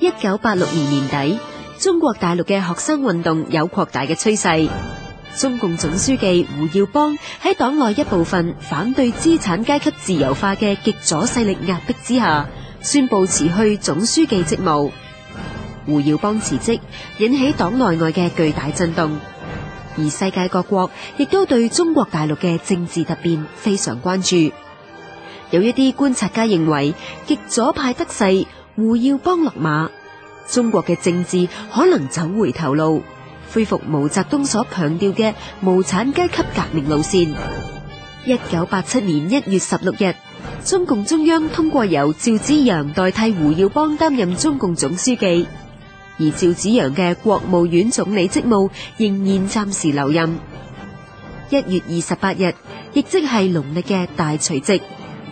一九八六年年底，中國大陸嘅學生運動有擴大嘅趨勢。中共總書記胡耀邦喺黨內一部分反對資產階級自由化嘅極左勢力壓迫之下，宣布辭去總書記職務。胡耀邦辭職引起黨內外嘅巨大震動，而世界各國亦都對中國大陸嘅政治突變非常關注。有一啲觀察家認為，極左派得勢。胡耀邦落馬，中國嘅政治可能走回頭路，恢復毛澤東所強調嘅無產階級革命路線。一九八七年一月十六日，中共中央通過由趙紫陽代替胡耀邦擔任中共總書記，而趙紫陽嘅國務院總理職務仍然暫時留任。一月二十八日，亦即係農曆嘅大除夕。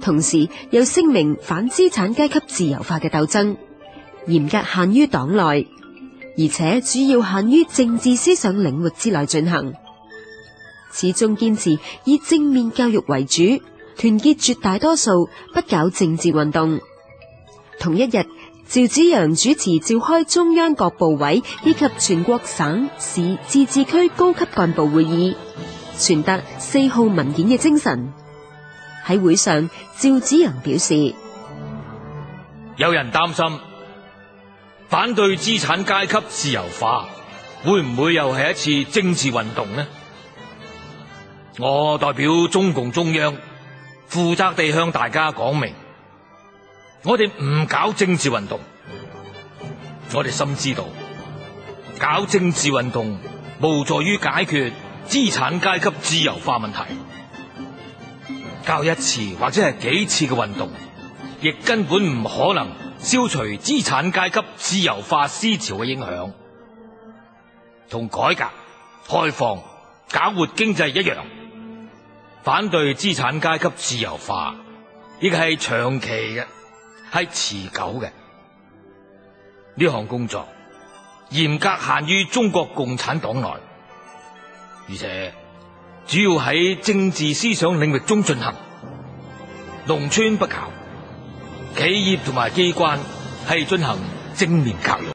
同時又聲明反資產階級自由化嘅鬥爭嚴格限於黨內，而且主要限於政治思想領域之內進行，始終堅持以正面教育為主，團結絕大多數，不搞政治運動。同一日，趙紫陽主持召開中央各部委以及全國省市自治區高級幹部會議，傳達四號文件嘅精神。喺會上，趙紫陽表示，有人擔心反對資產階級自由化會唔會又係一次政治運動呢？我代表中共中央負責地向大家講明，我哋唔搞政治運動，我哋深知道搞政治運動無助於解決資產階級自由化問題。交一次或者係幾次嘅運動，亦根本唔可能消除資產階級自由化思潮嘅影響，同改革開放搞活經濟一樣，反對資產階級自由化，呢個係長期嘅，係持久嘅呢項工作，嚴格限於中國共產黨內，而且。主要喺政治思想領域中進行，農村不搞，企業同埋機關係進行正面教育。